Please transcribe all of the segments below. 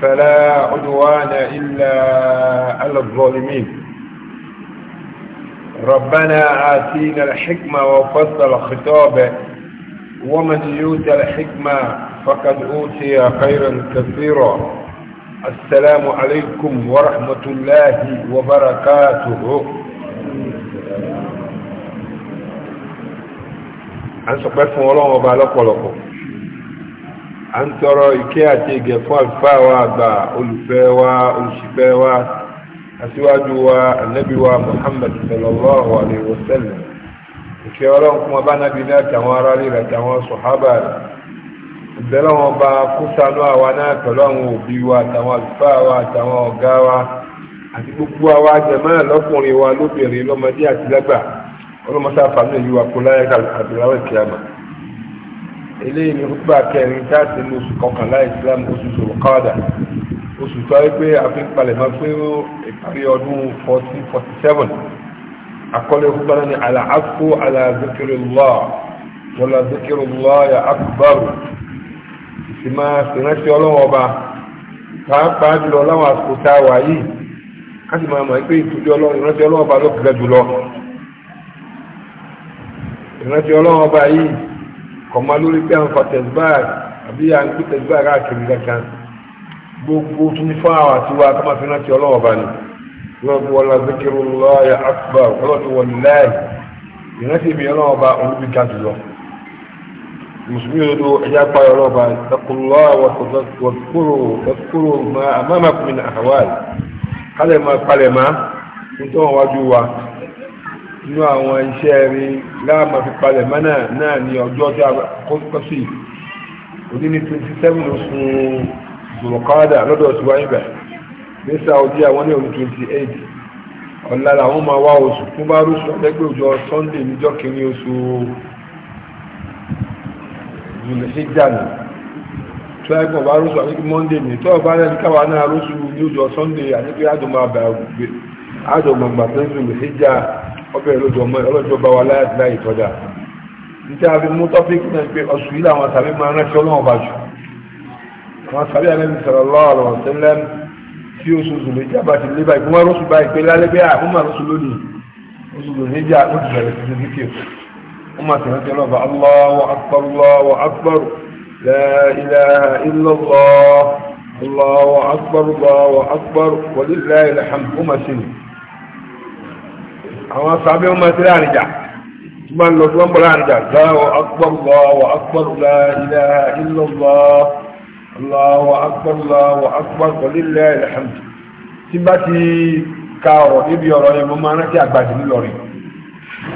فلا عدوان إلا على الظالمين ربنا آتينا الحكمة وفصل الخطاب ومن يؤت الحكمة فقد أوتي خيرا كثيرا السلام عليكم ورحمة الله وبركاته عن سقف ولو وبالك a ń tọrọ ìkẹ́ àti ìgẹ̀ fún àlùfáà wa àgbà olùfẹ́ wa olùṣìfẹ́ wa aṣíwájú wa ànábì wa muhammad sallallahu alayhi wa sallam ìkẹ́ ọlọ́run kún ọba nábì ní àtàwọn ará rí rẹ̀ àtàwọn sọ̀hábà rẹ̀ ìbẹ́lẹ̀ wọn bá kó sánú àwa náà pẹ̀lú àwọn òbí wa àtàwọn àlùfáà wa àtàwọn ọ̀gá wa àti gbogbo àwa jẹ̀mọ́ lọ́kùnrin wa lóbìnrin lọ́mọdé àti lágbà ọlọ́mọsáfà náà yíwa kó láyé kàlùkàdùn láwẹ̀ kíámà eléyìí ni hútùbà kẹrin káàsì ní oṣù kọkànlá islam oṣù sòròkọ́dà oṣù tó wáyé pé a fi ń palẹ̀ mọ́ pé ìparí ọdún fourteen forty seven àkọlé hútùbà náà ni àlàáfó àlàzikirullah wọlá zikirullah ya akbaru ìsìnmá ìrántí ọlọ́wọ́ ọba pàápàá jùlọ láwọn àsìkò tá a wà yìí ká sì máa mọ̀ pé ìtújú ọlọ́run ìrántí ọlọ́wọ́ ló kẹ̀kẹ́ jùlọ ìrántí ọlọ́wọ́ yìí kọ̀mọ́ lórí pé à ń fa tẹ̀síbáà àbí à ń gbé tẹ̀síbáà káàkiri kankan gbogbo twenty four hours wa kọ́ máa fi rántí ọlọ́wọ́ bá ní lọ́dún wọn la zikiru lọ́ọ̀yà akpa ọlọ́dún wọn láì ìrántí mi ọlọ́wọ́ bá olúbi ká jùlọ musulmi yóò do ẹ̀yà pa ọlọ́wọ́ bá takulọ́ wàkúrò wàkúrò máa àmàmàkùnrin àhàwáì kálẹ̀ máa palẹ̀ máa nítorí wọn wájú wa. nínú àwọn iṣẹ́ rí láàmà fi mọ́nà náà ní ọjọ́ tí a kọ́ sí òní ní twenty seven oṣù bùrọ̀kádà lọ́dọ̀ tiwa ibà ní Saudi àwọn ní òní twenty eight ọ̀la làwọn máa wá oṣù bá rúṣù òjò Sunday níjọ́ kìíní oṣù zulhijjana tó ẹgbẹ́ ọba rúṣù àti Monday ní rẹ̀ náà rúṣù ní ọbẹ̀ ọlọ́jọ́ bá wa láyé láyè tọ́jà níta àfi mú tọ́píkì náà pé ọ̀sùn yìí làwọn sàbí máa rántí ọlọ́wọ́n bá jù àwọn sàbí àlẹ́bí sọ̀rọ̀ lọ́ọ̀rọ̀ tẹ́lẹ̀ tí oṣù sùn ìjà bá ti lé báyìí fún wọn lálẹ́ bẹ́ẹ̀ àfún bẹ́ẹ̀ àwọn máa rọ́ṣù lónìí oṣù zùlù níjà ó ti bẹ̀rẹ̀ sí ilaha illallah Allahu akbar Allahu akbar walillahi alhamd ó máa àwọn sábẹ́ wọn máa tẹ́lẹ̀ àrìjà tí máa ń lọ tí wọ́n ń bọ̀ láàrìjà láwọ akpọ̀lọ́ wọ akpọ̀lọ́ ilẹ̀ ìlọ́lọ́ lọ́wọ́ akpọ̀lọ́ wọ akpọ̀lọ́ lílẹ̀ ìlẹ̀hàmdì tí bá ti ka ọ̀rọ̀ níbi ọ̀rọ̀ yẹn mo máa rántí àgbàdì ńlọrin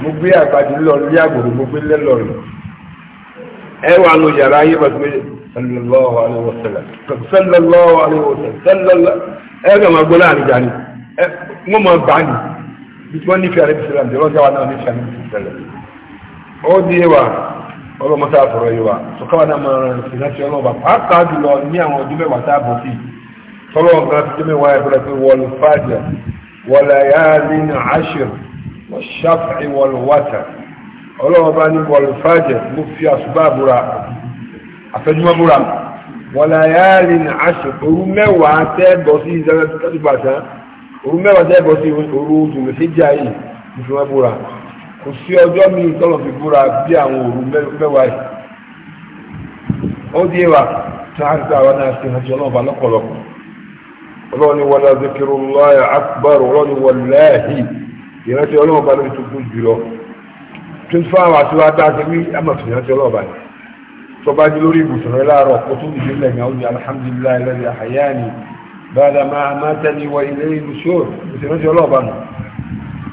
mo gbé àgbàdì ńlọrin lé àgbòrò mo gbé lẹ́lọrin ẹ wà nù yàrá wọ́n nífẹ̀ẹ́ àrẹ́bí sẹ́lẹ̀ àti ọlọ́jà wa náà nífẹ̀ẹ́ àrẹ́bí sẹ́lẹ̀ ó di ewa ọlọ́mọta àtọ̀rọ̀ ewa sọ́kàwá náà máa rìn sí láti ọlọ́ọ̀bà pàápàá jùlọ ní àwọn ọdún mẹ́wàá tá a bọ̀ sí tọ́lọ́ ọ̀gá fi jẹ́ mẹ́wàá ẹ̀fọ́ pé wọlé fàjà wọlé ayáàlì ní àṣìr òru mẹ́wàá tẹ́ bọ́ sí òru jùlọ̀fíjà yìí ní fi wọ́n búra kò sí ọjọ́ mi tọ́lọ̀ fi búra bí àwọn òru mẹ́wàá yìí ó di wa sáàtì àwọn náà sí ọlọ́ọ̀bà lọ́pọ̀lọpọ̀ ọlọ́ọ̀ni wọlé zikiru lọ́yà akbar ọlọ́ọ̀ni wọlẹ́hì ìrántí ọlọ́ọ̀bà lórí tuntun jùlọ twenty four hours dá sí ọlọ́ọ̀bà lórí ibùsùn rẹ láàárọ̀ kó alhamdulilayi lẹ́yìn بعد ما أماتني وإليه النشور بسمجي الله بنا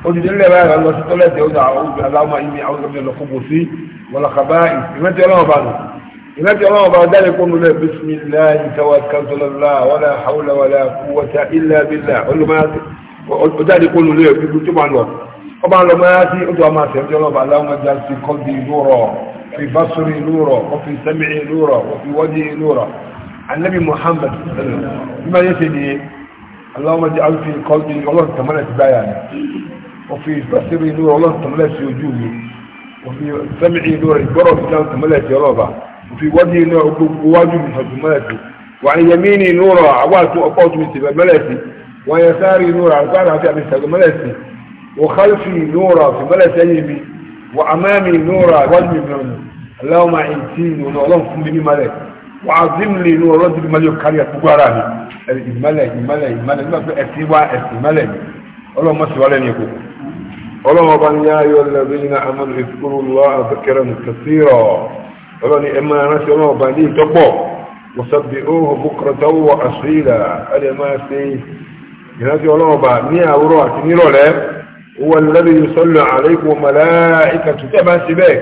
قلت إلا بقى الله ستولت يقول أعوذ اللهم إني أعوذ من الخبث والخبائث بسمجي الله بنا إمامتي الله بعد ذلك يقول له بسم الله توكلت على الله ولا حول ولا قوة إلا بالله قل له ما يأتي ذلك يقول له كتب عن الوقت طبعا لو ما يأتي قلت له ما يأتي الله بعد اللهم اجعل في قلبي نورا في بصري نورا وفي سمعي نورا وفي وجهي نورا النبي محمد بما يسدي اللهم اجعل في قلبي والله تملأت بياني وفي بصري نور الله تملأت وجوهي وفي سمعي نور البرد الله تملأت رضا وفي وجهي نور واجب فتملأت وعن يميني نور عوات وقوت من وعن يساري نور عوات تملأت وخلفي نور تملأت يمي وأمامي نور واجب اللهم اعطيني ونور الله كن بني ملاتي wàásìm lè nu ọ̀rọ̀ dìbò mọ́lẹ̀ kárí àtúgbò ara mi ìmọ́lẹ̀ ìmọ́lẹ̀ ìmọ́lẹ̀ nígbà pé ẹ̀sìn wá ẹ̀sìn mọ́lẹ̀ mi ọlọ́run mọ̀ sí wálẹ̀ ní ẹ̀kọ́ ọlọ́run ọba ní ayọ̀ lẹ́bìnrin amadu ìfúrú lọ́wọ́ àbẹ̀kẹ́rẹ́ mùtẹ̀sírọ̀ ọlọ́run ẹ̀ máa rántí ọlọ́run ọba ní ìtọ́pọ̀ وسبئوه بكرة وأصيلا الإماسي ينادي الله با مئة وروح تنيرو هو الذي يصلي عليكم ملائكة تبع سباك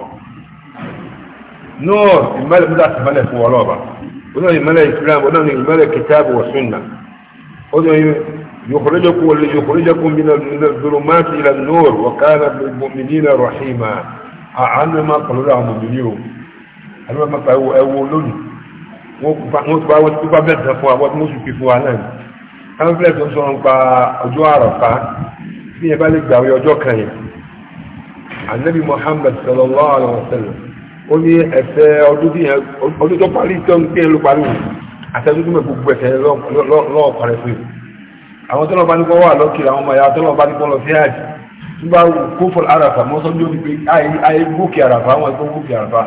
نور الملك مدعت الملك ورابع ودعوا الملك الإسلام ودعوا الملك كتاب وسنة ودعوا يخرجكم والذي يخرجكم من الظلمات إلى النور وكان بالمؤمنين رحيما أعلم ما قالوا لهم المؤمنين أنا ما قالوا أولون وقفوا وقفوا بيتنا فوا وقفوا كيفوا عنهم أنا فلاك نصر نقا أجوا عرفا في بالك دعوة أجوا كريم النبي محمد صلى الله عليه وسلم ó ní ẹ̀fẹ́ ọdún tó parí tó ń gbé ló parí wò àtẹ́jú tó mẹ́ gbogbo ẹ̀fẹ́ lọ́ọ̀kọ̀ rẹ̀ fún àwọn tó lọ bá ní kọ́ wà lọ́kì àwọn ọmọ ìyá tó lọ bá ní kọ́ lọ sí àjì tó bá kó fọ́ àràfà mọ́ sọ́njú ní pé ayé gòkè àràfà àwọn ẹ̀kọ́ gòkè àràfà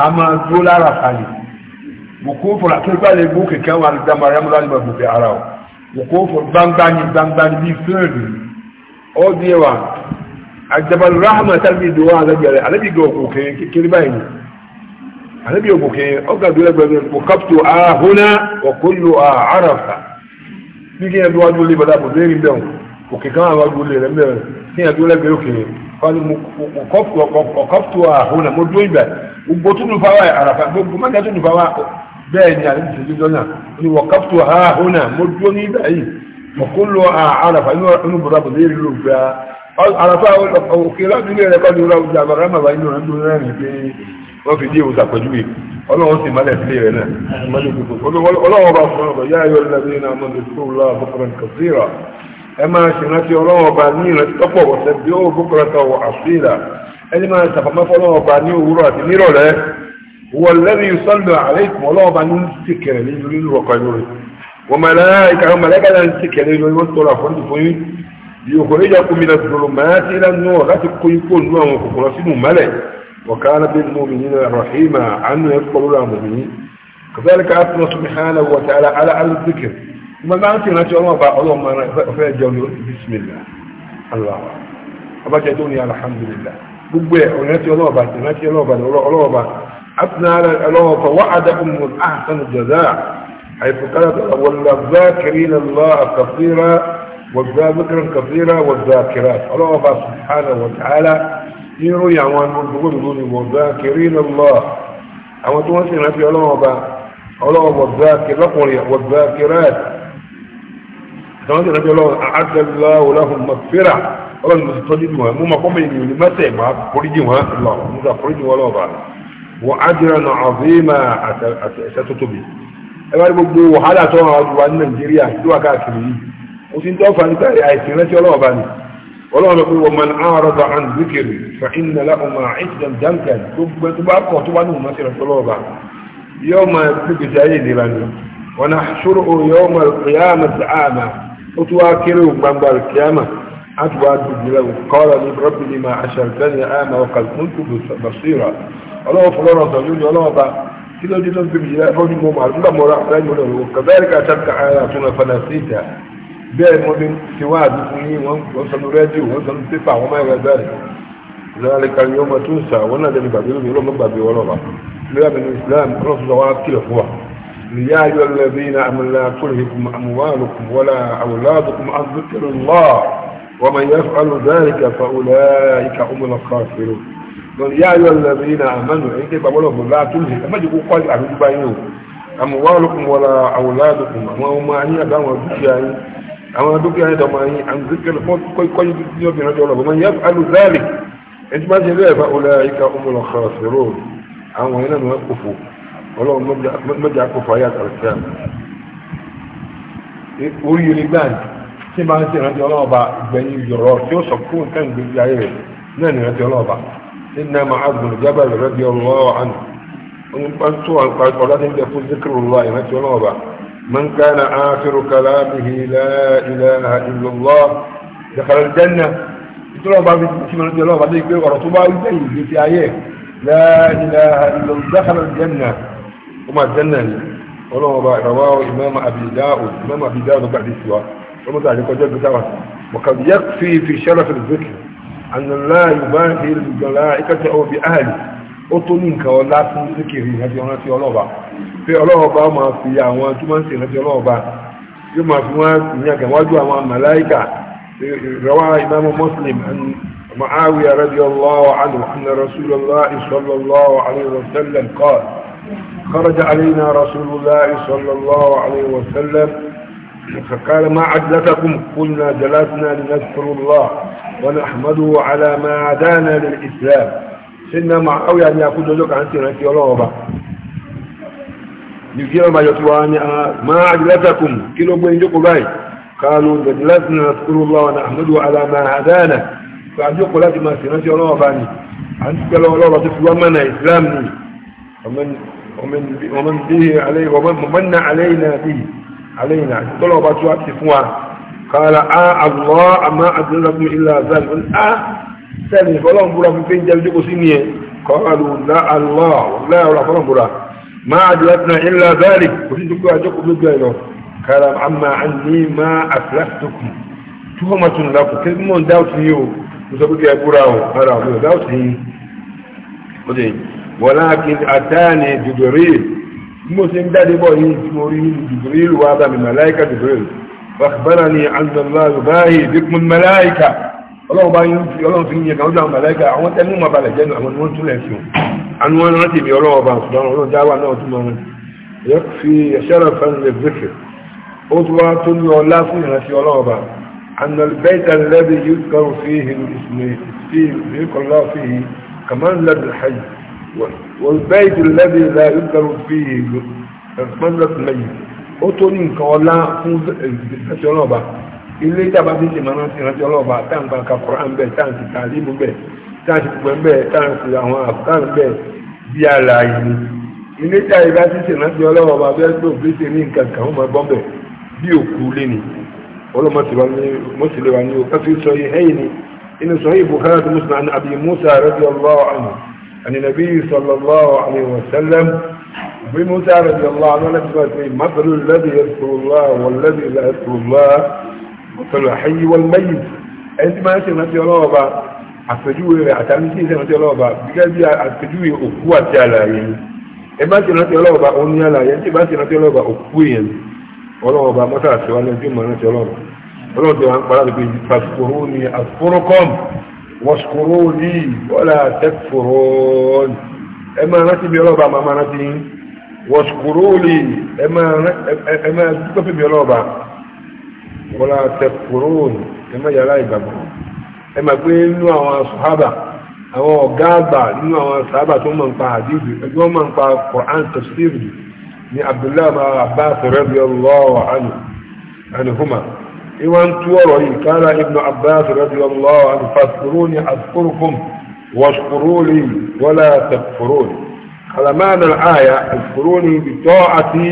a máa dúró láràfà ni mo kó fọ́ àtúntà lè gòkè kí àwọn àdàmà rẹ̀ múlá nígbà gòkè ara ọ̀ mo kó fọ́ gbangba ni gbangba ni bí fẹ́ẹ̀rì ọ́ bí ẹwà àjẹbàlù rahama tàbí ìdòwò àlẹ́bí rẹ̀ àlẹ́bí gan òkú kékeré báyìí ni àlẹ́bí òkú kékeré ọgá ìdúró ẹgbẹ́ rẹ̀ kò kápító àhóná ọ̀kọ́lù àràfà bí kí ẹ bí wá dúró lé bàdá bò lérí bẹ́ẹ̀ òkè kan àwọn dúró lé rẹ̀ bẹ́ẹ̀ kí mo ni ni mo àràfà òkè lọ́dúnlé rẹ̀ kọ́ ní ọlọ́run ọjà àbára màbá inú rẹ̀ ń dúró rẹ̀ pé wọ́n fi dí ìwòsàn àpèjúwe ọlọ́run sì mọ́lẹ̀ sílé rẹ̀ náà ọlọ́run ọba fún ọba yá ayọ́ lẹ́bí náà mọ́ ní sùkúrù lọ́wọ́ bọ́kọ̀rọ̀ kàfíìrà ẹ máa ṣe rántí ọlọ́run ọba ní ìrántí tọ́pọ̀ ọ̀sẹ̀ bí ó bọ́kọ̀rọ̀ ta wọ àfíìrà ẹni máa ṣàfàmọ́ fọlọ́run ọba ní òwúrọ̀ àti nírọ̀lẹ́ wọ́n lẹ́bi sọ́lù àlẹ́kùn ọlọ́run ọba ní ti kẹrẹ̀ nínú ọkọ̀ ìlú rẹ̀ wọ́n mọ̀lẹ́ ليخرجكم من الظلمات إلى النور لا تقيكم نوع وكفرسين ملك وكان بالمؤمنين رحيما عنه يدخلوا المؤمنين كذلك أثنى سبحانه وتعالى على على الذكر ما معنى نجي الله بقى الله فيجعل بسم الله الله أبا جدوني الحمد لله gbogbo ẹ̀ الله ọlọ́ọ̀bà ìrántí الله ọlọ́ọ̀bà الله ọlọ́ọ̀bà أثنى àdàkùn mọ̀ àhàtàn jọ̀dá àìfòkàrà tó àwọn lọ́gbà kiri lọ́lọ́ وابدا ذكرا كثيرا والذاكرات الله سبحانه وتعالى يروي عن المنظور والذاكرين الله أما تواتي نبي الله أبا الله والذاكر لقل والذاكرات تواتي نبي الله أعد الله لهم مغفرة الله مستجدوا هم ما قم يجيوا لمسي ما قريجوا الله مدى قريجوا الله أبا وعجرا عظيما ستتبه أبا يقول بو حالة أجوان من دوا كاكري òtí tó fà nípa àìsàn rántí ọlọ́wọ́ bá ní ọlọ́wọ́ pé wọ́n máa ń àárọ̀dà àn zikiri fa iná lákùnmá àìsàn dáńkà gbogbo tó bá kọ̀ tó bá ní ìmọ̀ síra tọ́lọ́wọ́ bá yóò máa gbégbèsè ayé ìlera ni wọn á ṣòro o yóò máa kìyàmà sí àmà ó tún wá kéré o gbangba kìyàmà á tún wá dùdú lẹ́wọ̀ kọ́ra ní rọ́bì ní ma àṣàrìtẹ́ni àmà ọkà kúntù basira ọlọ́wọ́ fọlọ́rọ̀ sọ lónìí ọlọ́wọ́ bá kí ló dé tó ń gbégbèsè ayé fọ́jú mọ́ màá nígbà mọ́ra àtàlẹ́ ìmọ̀lẹ́ òkè bẹ́ẹ̀ ká bẹ́ẹ̀ mo lè ṣe wá àdúgbò yín wọ́n sọ ní rẹ́díò wọ́n sọ ní pépà wọ́n máa ń rẹ bẹ́ẹ̀ lọ́ọ̀lẹ́ kan yóò máa tún sà wọ́n náà lẹ́nu gbàgbé lómi lọ́mọ gbàgbé wọn lọ́wọ́ lóyà mi ní Islam kọ́nà sọ wọn kìlọ̀ fún wa nìyá ayọ́ lẹ́bìnrin amúlá kúrìhìkùn amúwálùkùn wọlá àwòládùkùn azùkìrìlá wọ́n máa yẹ fún alùdáríkà fàwọlá ìka ọmọlá káfíìrò nìyá ayọ́ lẹ́bìnrin amánu ẹ̀yìn tẹ́ gbàgbọ́ lọ́wọ́ látúlù ẹ̀ má jẹ́ kó kọ́ àdúgbò yín o amúwálùkùn wọlá àwòládùkùn àwọn ọmọ ayé àbáwọn dúkìá yín àwọn dúkìá yẹn dọ̀mọ̀ yìí àwọn dúkìá fún kọ́yí tí yóò fi ránjọ́ ọ̀nà bọ̀mọ̀ yẹn alu zálì ẹni tí wọ́n ti bẹ́ẹ̀ fa olè ayíká ọmọlọ xarasero àwọn yẹn náà kófò ọlọ́run mẹ́jọ akófò ayé àtàlẹ́sẹ̀ orí yẹn nígbà tí bá ń ti ránjọ́ ọlọ́ọ̀ba gbẹ̀yìn yọ̀rọ̀ tí ó sọ fún nǹkan gbèsè ayé rẹ̀ náà ní ránjọ́ ọlọ́ọ̀ba nínú àmà àgùn ìjábà rẹ̀ rẹ̀ bí ọlọ́ọ̀ من كان آخر كلامه لا إله إلا الله دخل الجنة يقول الله بعد ذلك ورسوله يبين في آيات لا إله إلا الله دخل الجنة وما الجنة ولو رواه إمام أبي داود إمام أبي داود بعد السواء ومتعلق وجد بتاعه وقد يكفي في شرف الذكر أن الله يباهي الملائكة أو بأهل أطلنك ولا تنذكر من هذه ونسي ولو بعد pé ọlọ́ọ̀bá máa fi àwọn tó máa ń ṣèrántí ọlọ́ọ̀bá yóò máa fi wọ́n ní àgàwájú àwọn màláìkà rọwá ìmáàmù Muslim معاوية رضي الله عنه أن رسول الله صلى الله عليه وسلم قال خرج علينا رسول الله صلى الله عليه وسلم فقال ما عدلتكم قلنا جلسنا لنذكر الله ونحمده على ما عدانا للإسلام سنة معاوية أن يأخذ ذلك عن سنة الله níbi ọmọ ayọ̀ tí wọ́n ní a máa àdìlátàkùn kí ló gbé ìjókòó báyìí kánú dẹ̀dìlátìnà kúrò lọ́wọ́ na ahmadu alama adana kò àjókòó láti máa sì rántí ọlọ́wọ́ bá ní a ń tẹ́ lọ́wọ́ lọ́wọ́ tó fi wọ́n mọ́nà islam ni ọmọdé aléìnà bí aléìnà tọ́lọ́ bá tó wá ti fún wa kààlà a àlọ́ àmà àdìlátàkùn ilà zan a sẹ́ni fọlọ́n búra fífẹ́ ń jẹ́ ìjókòó sí ni ẹ̀ kọ́ àlù lá àlọ́ láàrọ̀ fọlọ́n búra ما أدركنا إلا ذلك أريدك أجوكم بالجائلة قال عما عني ما أفلحتكم تهمة لكم كيف من داوت هيو وسبق يا براو قال هو داوت هي ولكن أتاني جبريل مسلم دادي بوهي جمهورين جبريل وابا من ملائكة جبريل فأخبرني أن الله يباهي بكم الملائكة الله باهي الله سنجي كأوزع الملائكة أعوان تنمو ما بلجان أعوان تنمو àánú wọn rántí mi ọlọ́wọ́ bá ṣùgbọ́n ọlọ́run dáwà náà tún máa rántí ẹ̀yọ́ fi ẹ̀ṣẹ́rọ̀ fẹ́ǹlẹ̀ zikr ó tún wá tó ní ọlá fún ìrántí ọlọ́wọ́ bá ànàlbẹ́ta lẹ́bí yóò kọrù fi ìkọlọ́ fi kàmán lẹ́bí hajj wọ̀lbẹ́ta lẹ́bí yóò kọrù fi ìkọlọ́ lẹ́yìn ó tó ní nǹkan ọlá fún ìrántí ọlọ́wọ́ bá ilé ìjàmbá ti ṣe máa rántí ìrántí ọlọ́wọ́ bá táǹkà kàkọ́rọ́ à táàsì pẹ̀ ń bẹ́ẹ̀ táàsì àwọn àfúkàrùn bẹ́ẹ̀ bí alààyè ni ilé tí àyè bá ti ṣèrántí ọlọ́wọ́ bá bẹ́ẹ̀ tó gbèsè ní nǹkan kan ó máa bọ́ bẹ̀ bí òkú lé ni ọlọ́mọsílẹ̀ wa ni o kásì sọ yìí ẹ̀yìn ni inú sọ yìí Bukhari àti Muslim àni Abi Musa radiyallahu anhu àni nàbí sallallahu alayhi wa sallam bí Musa radiyallahu anhu láti sọ pé masalu alladhi yadhkurullah walladhi la yadhkurullah masalu al-hayy wal-mayyit ẹni tí máa ṣèrántí ọlọ́wọ́ bá àpèjúwe rẹ̀ àtàmì sí ìsẹ́rántí ọlọ́ọ̀ba gẹ́gẹ́ bí àpèjúwe òkú àti àlàyé ni ẹ bá ti rántí ọlọ́ọ̀ba òun ní àlàyé tí bá ti rántí ọlọ́ọ̀ba òkú èèyàn ni ọlọ́ọ̀ba mọ́tàlásí wa ní ojú ìmọ̀ rántí ọlọ́ọ̀ba ọlọ́ọ̀dẹ wa ń pará lóbi fàṣukòrò ni àfúrúkọ́m wọ́ṣukòrò ní wọ́lá tẹ́kùrọ̀ ẹ ẹ pé nínú àwọn sàhábà àwọn ọ̀gá àgbà nínú àwọn sàhábà tó mọ̀ nípa àdìsí ẹgbẹ́ wọn mọ̀ nípa Quran tafsiri ní Abdullahi ma Abbas radiyallahu anhu anhuma ìwọ̀n tó ọ̀rọ̀ yìí kára ibnu Abbas radiyallahu anhu faskuruni askurukum واشكروني ولا تكفروني على mi ọlọ́ba pẹ̀lú بطاعتي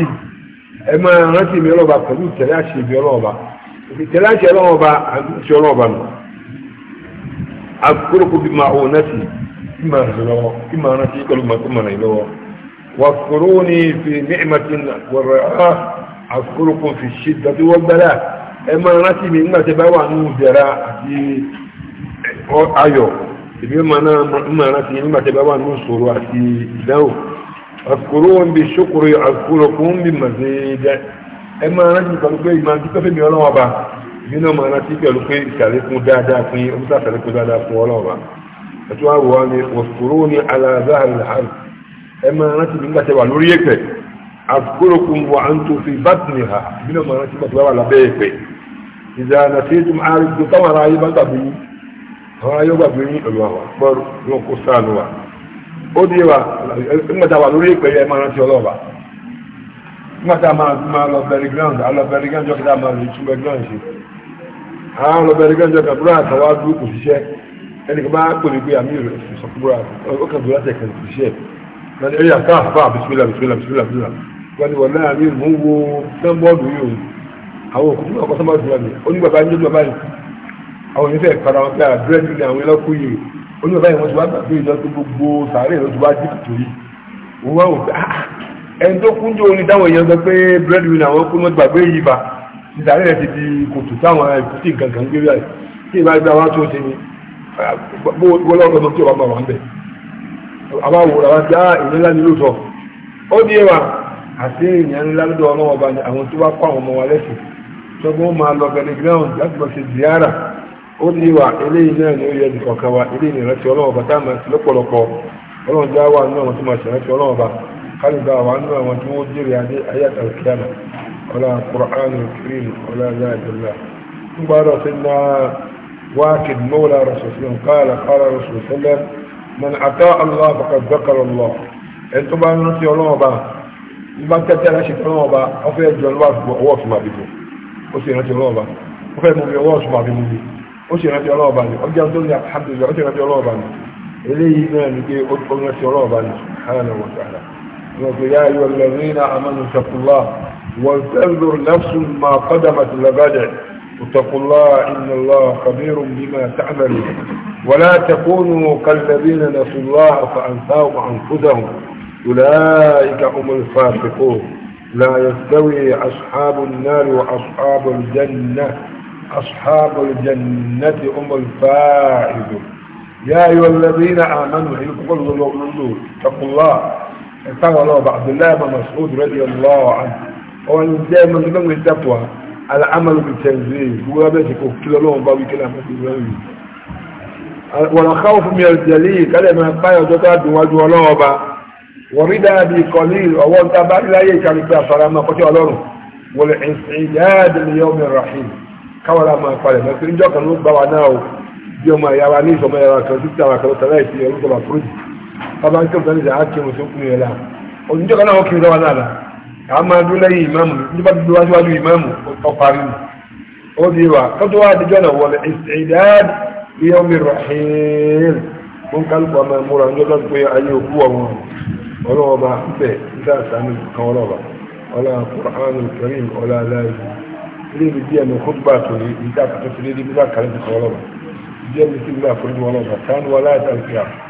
àṣẹ ìbí ọlọ́ba ìtẹ̀lẹ́ àṣẹ ọlọ́ba بتلاشي لوبا ọlọ́ba mi. أذكركم بمعونتي كما لو كما نتي كل ما كما لو واذكروني في نعمة والرعاء أذكركم في الشدة والبلاء أما نتي من ما تبوا نودرا أيو ibi mana mana ti ma te baba nu suru ati dawo afkurun bi shukri afkurukum bi mazid e ma ran ti ko pe ma ti ko fe mi Ọlọ́run ọba èmi náà máa rántí pẹ̀lú pé ìsàlékún dáadáa fún yín ọmọ sàlékún dáadáa fún ọlọ́ọ̀bà ẹ̀tọ́ àwọ̀ wa ni òṣòro ni aláàzá àrùn ẹ máa rántí wà lórí ẹ̀pẹ̀ àkórókùn wà á ń tó fi bátìnì hà èmi náà máa rántí gbàtí wà lábẹ́ ẹ̀pẹ̀ ìdáná tí táwọn ará bá gbàgbé yín àwọn gbàgbé yín nígbà máa lọ bẹ̀rẹ̀ alọ bẹ̀rẹ̀ àwọn ọlọ́bẹ̀rẹ̀ gánjọ́ kàbúrà àtàwà dúró kò ṣiṣẹ́ ẹni kan bá pèlè pé àmì rẹ̀ sọkúbúrà ó kàn dúró látẹ̀kẹ̀ kò ṣiṣẹ́ wọ́n ní ẹ̀yà káà fà bisimilà bisimilà bisimilà bisimilà wọ́n ní wọ̀lẹ́ àmì mú wo sẹ́ńbọ́ọ̀dù yìí o àwọn òkú náà kọ́ sẹ́ńbọ́ọ̀dù yìí ó ní bàbá yín bàbá yìí àwọn yìí fẹ́ para wọn pé àdúrẹ́dì ni àwọn ẹlọ́kù yìí ó ní bàbá yìí wọ́n ti wá gbàgbé ìjọ tó gbogbo sàárè ló ti wá jì kùtù yìí òun wá wò pé ah, ah, ẹni tó kúnjó ni dáwọ̀ yẹn sọ pé bírẹ́dì ni àwọn kú mọ́ gbàgbé yìí bá ìsàrí rẹ̀ ti di kòtò táwọn ìkútì gangan gbé báyìí tí ìbá gbé àwọn tó ṣe ni gbọ́lọ́gbọ́n tó tí ọba wà ń bẹ̀ ah, ńlá ní di ẹwà àti ìyẹn ńlá lọ́dọ̀ ọlọ́wọ́ bá ní àwọn tó bá kọ́ àwọn ọmọ wa lẹ́sìn tó máa lọ bẹ̀rẹ̀ ground láti lọ sí ziara ó di ẹwà eléyìí náà wa eléyìí ìrántí ọlọ́wọ́ bá tá a máa ti lọ́pọ̀lọpọ̀ ọlọ́run já ولا قرآن الكريم ولا ذات الله مبارا سيدنا واكد مولى رسول الله قال قال رسول الله من أتى الله فقد ذكر الله أنتم بأن نرسي الله بقى ما تتلع شيء الله بقى أفيا جلوات وواس ما بيكو أسي نرسي الله بقى أفيا مبي أوات ما بيكو أسي نرسي الله بقى أرجع الدنيا الحمد لله أسي نرسي الله بقى إليه ناني كي أدخل نرسي الله بقى سبحانه وتعالى يا أيها الذين آمنوا اتقوا الله ولتنظر نفس ما قدمت لبدع واتقوا الله إن الله خبير بما تعملون ولا تكونوا كالذين نسوا الله فأنساهم أنفسهم أولئك هم الفاسقون لا يستوي أصحاب النار وأصحاب الجنة أصحاب الجنة هم الفائزون يا أيها الذين آمنوا اتقوا الله ẹ̀sáwọn ọlọ́ọ̀bà abdullahi ibn mas'ud radiyallahu anhu ọwọ́n ní jẹ́ ẹ̀mọ́ nígbà wọn dàpọ̀ à al'amalu bi tẹ̀lé gbogbo abẹ́ ti kò kí lọ́wọ́ bá wí kílà mẹ́sì rẹ̀ rí wọ̀n káwọ́ fún mi ọ̀jẹ̀lì kálẹ̀ máa báyọ̀ ọjọ́ tó dùn wájú ọlọ́ọ̀ba wọ́n rí dáadé kọ́lí ọwọ́ ń tábà láyé ìkàlù pé àfaramọ́ kọ́tí ọlọ́run wọ́n lè ẹ̀sìn ìdáàdé ní yọ́ọ̀mì rahim káwọn àmà palẹ̀ mẹ́sì níjọ́ kan ló bá wa náà o bí ọmọ ìyá wa ní ìsọmọ ìyá wa kan títí àwọn àkàlọ́ tẹ̀lé ìfìyà olùsọ̀rọ̀ àpúròjì bàbá ń kẹ́kọ̀ọ́ níjà á kí wọn sókùn yẹn la òníjọ́ kan náà wọ́n kiri lọ́wọ́ náà la àá máa dún lẹ́yìn ìmáàmù nípa dúdú wá síwájú ìmáàmù ọ̀parí ni ó di wa kótó wá adijọ́ náà wọlé ìdáàd iye omi rahil mo ń kálukú ọmọ ìmúra ní ọjọ́ pé ayé òkú ọmọ ọlọ́wọ́ bá bẹ̀ nígbà sàmì kan ọlọ́wọ́ ọlá kùránù kẹrin ọlá aláì ilé ibi díẹ̀ ní kótóbà tó ní ìdá àkàtúntì ní ibi díẹ̀ kàlẹ́ ti kan ọlọ́wọ́ díẹ̀ ní sí ìgbà àforíjì ọlọ́wọ́ kánú ọlá ìtàlùkì